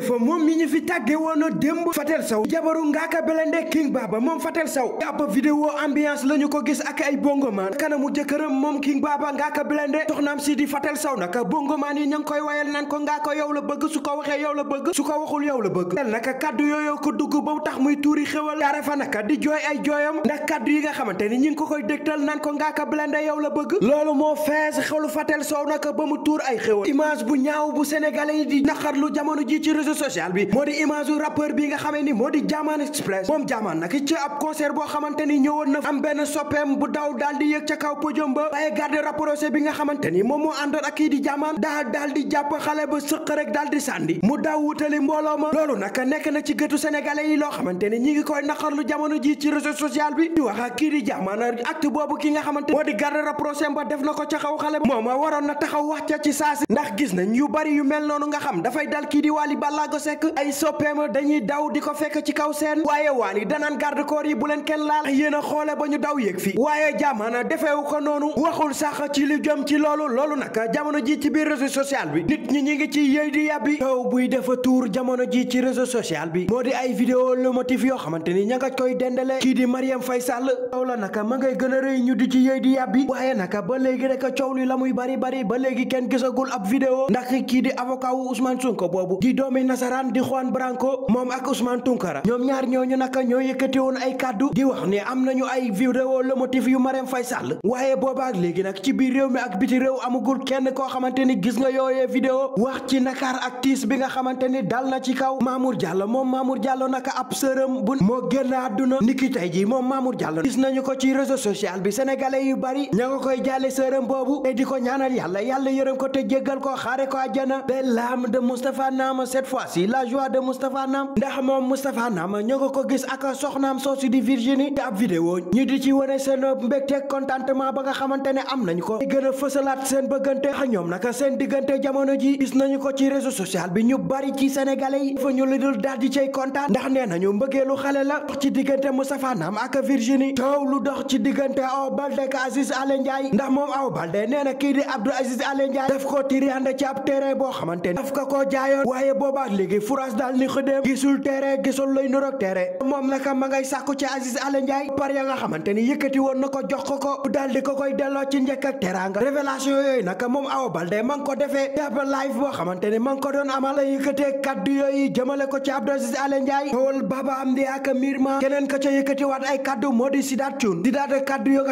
jëfa moom mi ñu fi tàgge woona démb Fatel Sow jabaru Ngaaka Blindé King Baba moom Fatel Sow ab vidéo ambiance la ñu ko gis ak ay bongomaan kanamu jëkkëram moom King Baba Ngaaka Blindé soxnaam si di Fatel Sow naka bongomaan yi ña ngi koy wayal nan ko Ngaaka yow la bëgg su ko waxee yow la bëgg su ko waxul yow la bëgg tel naka kaddu yooyu ko dugg ba tax muy tuuri xewal daara fa naka di jooy ay jooyam ndax kaddu yi nga xamante ni ñu ngi ko koy dégtal naan ko Ngaaka Blindé yow la bëgg loolu moo fees xelu Fatel Sow naka ba mu tuur ay xewal image bu ñaaw bu sénégalais yi di réseau social bi moo di image yu rappeur bi nga xamee ni moo di Jahman Express moom Jahman nag ci ab concert boo xamante ni ñëwoon na am benn soppeem bu daw daal di yëg ca kaw podium ba waaye garde rapproché bi nga xamante ni moom moo àndoon ak kii di Jahman daal daal di jàpp xale ba sëq rek daal di sàndi mu daw wutali mbooloo ma loolu nag nekk na ci gëtu sénégalais yi loo xamante ni ñi ngi koy naqarlu jamono ji ci réseau social bi di wax ak kii di Jahman acte boobu ki nga xamante moo di garde rapproché ba def na ko ca kaw xale ba moom waroon na taxaw wax ca ci saasi ndax gis nañ yu bari yu mel noonu nga xam dafay dal kii di Wally Ballago Seck ay soppeema dañuy daw di ko fekk ci kaw seen waaye yi danaan garde corps yi bu leen kenn laal yéen a xoole ba ñu daw yéeg fii waaye jamono defeewu ko noonu waxul sax ci li jëm ci loolu loolu nag jamono ji ci biir réseau social bi nit ñi ñi ngi ci yëy di yàbbi taw buy dafa tuur jamono ji ci réseau social bi moo di ay vidéo le motif yoo xamante ni ña nga koy dendale kii di Mariam fay Sall taw la naka ma ngay gën a rëy ñu di ci yëy di yàbbi waaye naka ba léegi rek coow li la muy bari bari ba léegi kenn gisagul ab vidéo ndax kii di avocat doomi nasaraan di Juan Branco moom ak Ousmane Tounkara ñoom ñaar ñooñu naka ñoo yëkkati woon ay kàddu di wax ne am nañu ay vidéo le yu Marème Faye Sall waaye boobaak léegi nag ci biir réew mi ak biti réew amugul kenn koo xamante gis nga yooyee vidéo wax ci nakaar ak tiis bi nga xamante dal na ci kaw Mamour Diallo moom Mamour Diallo naka ab sërëm bu moo génn àdduna niki tey jii moom Mamour Diallo gis nañu ko ci réseau social bi sénégalais yu bari ña nga koy jàlle sërëm boobu te di ko ñaanal yàlla yàlla yërëm fois-ci la joie de Moustapha Nam ndax moom Moustapha Nam ñoo ko ko gis ak soxnaam soosu di Virginie ci ab vidéo ñu di ci wane seen mbégteeg contentement ba nga xamante ne am nañu ko di gën a fësalaat seen bëggante ak ñoom naka seen diggante jamono ji gis nañu ko ci réseau social bi ñu bari ci sénégalais yi dafa ñu lu dul daal di cay kontaan ndax nee nañu mbëggeelu xale la dox ci diggante Moustapha Nam ak Virginie coow lu dox ci diggante Awa Baldé ak Aziz Aly Ndiaye ndax moom Awa Baldé nee na kii di Abdou Aziz Aly Ndiaye daf ko tiriande ci boo xamante ne baax léegi forage daal ni xëdéem gisul terrain gisul lay nurok terrain moom naka ma ngay sàkku ci Aziz Aly Ndiaye par ya nga xamante ni woon na ko jox ko ko daal di ko koy delloo ci njëkk ak teraanga révélation yooyu naka moom Awa Baldé ma ko defee daba live boo xamante ko doon amal la yëkkatee kaddu yooyu jëmale ko ci Abdou Aziz Aly Ndiaye tawal Baba Amdi ak Mirma keneen ka ca yëkkati waat ay kaddu moo di Sidaat Cuun Sidaat kaddu yoo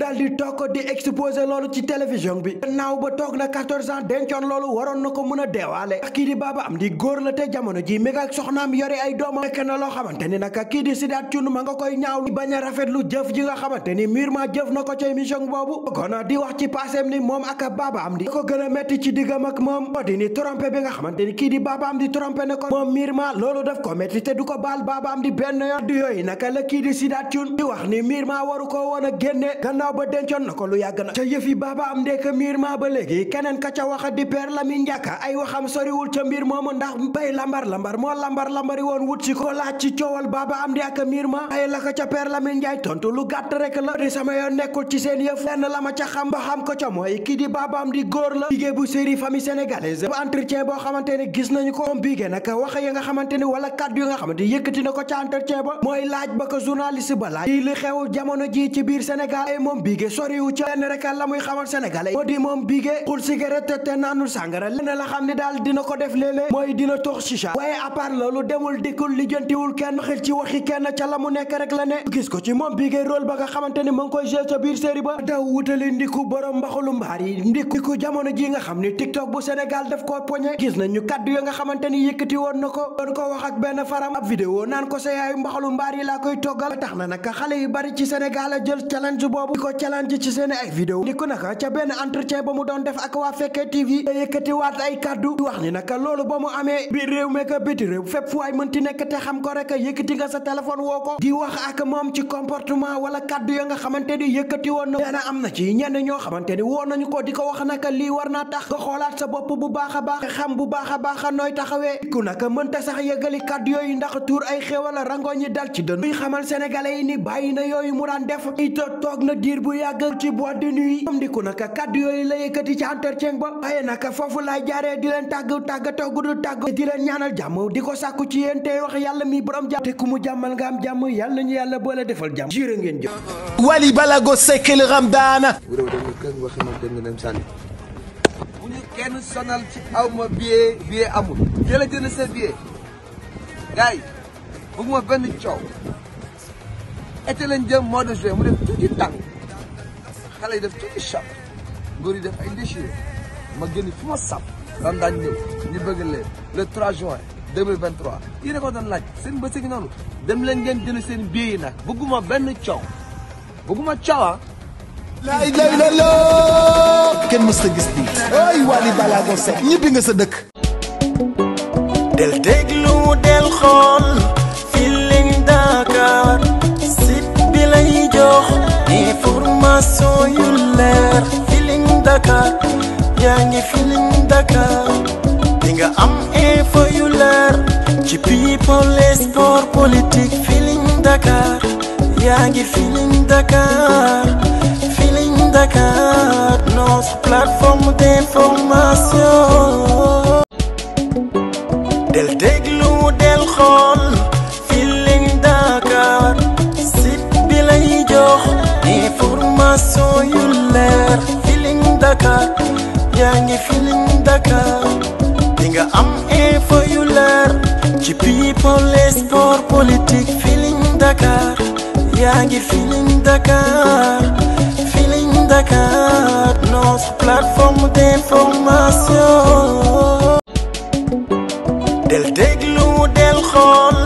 nga a ci télévision bi gannaaw ba toog na 14 ans dencoon loolu waroon na ko mën a deewaale ndax kii di am di góor la te jamono ji mi ak soxnaam yore ay doomam nekk na loo xamante ni naka kii di Sidaat Thioune ma nga koy ñaawlu bañ a rafetlu jëf ji nga xamante ni murement jëf na ko émission boobu gona di wax ci passeem moom ak Baba Amdy da ko gën a metti ci diggam ak moom moo di ni trompé nga xamante ni kii di Baba Amdy trompé na ko moom murement loolu daf ko metti te du ko baal Baba Amdy benn yoon du yooyu naka kii di Sidaat Thioune di wax ni murement waru ko woon a génne gannaaw ba dencoon na ko lu yàgg na ca yëf baaba am ndeka miir maa ba léegi keneen ka ca waxa di père Lamine Ndiaka ay waxam soriwul ca mbir moomu ndax bay lambar lambar moo lambar lambari woon wut si ko laaj ci coowal baaba am ndeka miir ma ay la ko ca père Lamine Ndiaye tontu lu gàtt rek la di sama yoon nekkul ci seen yëf lenn la ma ca xam ba xam ko ca mooy kii di baaba am di góor la liggéey bu série famille sénégalaise bu entretien boo xamante ne gis nañu ko moom bigée naka waxa yi nga xamante ni wala kàddu yi nga xamante yëkkati na ko ca entretien ba mooy laaj ba ko journaliste ba laaj li xew jamono ji ci biir Sénégal ay moom bigée soriwu ca lenn rek la muy xam xamal sénégalais moo di moom bigee xul cigarette te te naanul sàngara lenn la xam ni daal dina ko def léeg-léeg mooy dina tox chicha waaye à part loolu demul dikkul lijjantiwul kenn xel ci waxi kenn ca la mu nekk rek la ne gis ko ci moom bigee rôle ba nga xamante ni mu ngi koy jouer ca biir série ba daw wutali ndiku borom mbaxalu mbaar yi ndiku jamono ji nga xam ni tiktok bu sénégal def ko poñe gis nañu kaddu yo nga xamante ni yëkkati woon na ko doon ko wax ak benn faram ab vidéo naan ko sa yaayu mbaxalu mbaar yi laa tax na naka xale yu bari ci sénégal a jël challenge boobu di ko challenge ci seen ay vidéo ndiku naka ca benn entretien ba mu doon def ak waa Fekke TV da yëkkatiwaat ay kàddu wax ni naka loolu ba mu amee biir réew mi ak biti réew fépp fu waay mënti nekk te xam ko rek yëkkati nga sa téléphone woo ko di wax ak moom ci comportement wala kàddu ya nga xamante ni yëkkati woon na dana am na ci ñenn ñoo xamante ni woo nañu ko di ko wax naka lii war naa tax nga xoolaat sa bopp bu baax a baax xam bu baax a baax nooy taxawee ku naka mënta sax yëgali kàddu yooyu ndax tuur ay xéwal rangoñ yi dal ci dënn muy xamal sénégalais yi ni na yooyu mu daan def it toog na diir yàgg ci boîte fàttaliku naka kàddu yooyu la yëkkati ci entretien ba waaye naka foofu laay jaaree di leen tàgg tàggatoo gudd tàgg di leen ñaanal jàmm di ko sàkku ci yéen tey wax yàlla mi borom jàmm te ku mu jàmmal nga am jàmm yàlla nañu yàlla boole defal jàmm jërë ngeen jëf. Wally Ballago Seck li xam daana. bu ñu kenn sonal ci aw ma billet billet a jënd sa billet lañ jëm mois de juin mu def tuuti xale yi def tuuti chape góor yi def ay déchiré ma génn fi ma sàpp daan daan ñëw ñu bëgg leen le 3 juin 2023 yéen ko doon laaj seen bës gi noonu dem leen ngeen jënd seen billet yi nag bëgguma benn coow bëgguma coowa. Ah. la ilaha illallah kenn mës ta gis nii. ay Wally Ballago Seck ñibbi nga sa dëkk. del déglu del xool. information yu leer Feeling Dakar yaa ngi Feeling Dakar di nga am info yu leer ci people et Dakar yaa ngi Feeling Dakar Feeling Dakar notre plateforme d'information del déglu del xool information yu leer Feeling Dakar yaa ngi Feeling Dakar di nga am info yu leer ci people et sport politique Feeling Dakar yaa ngi Feeling Dakar Feeling Dakar nos plateforme d'information del déglu del xool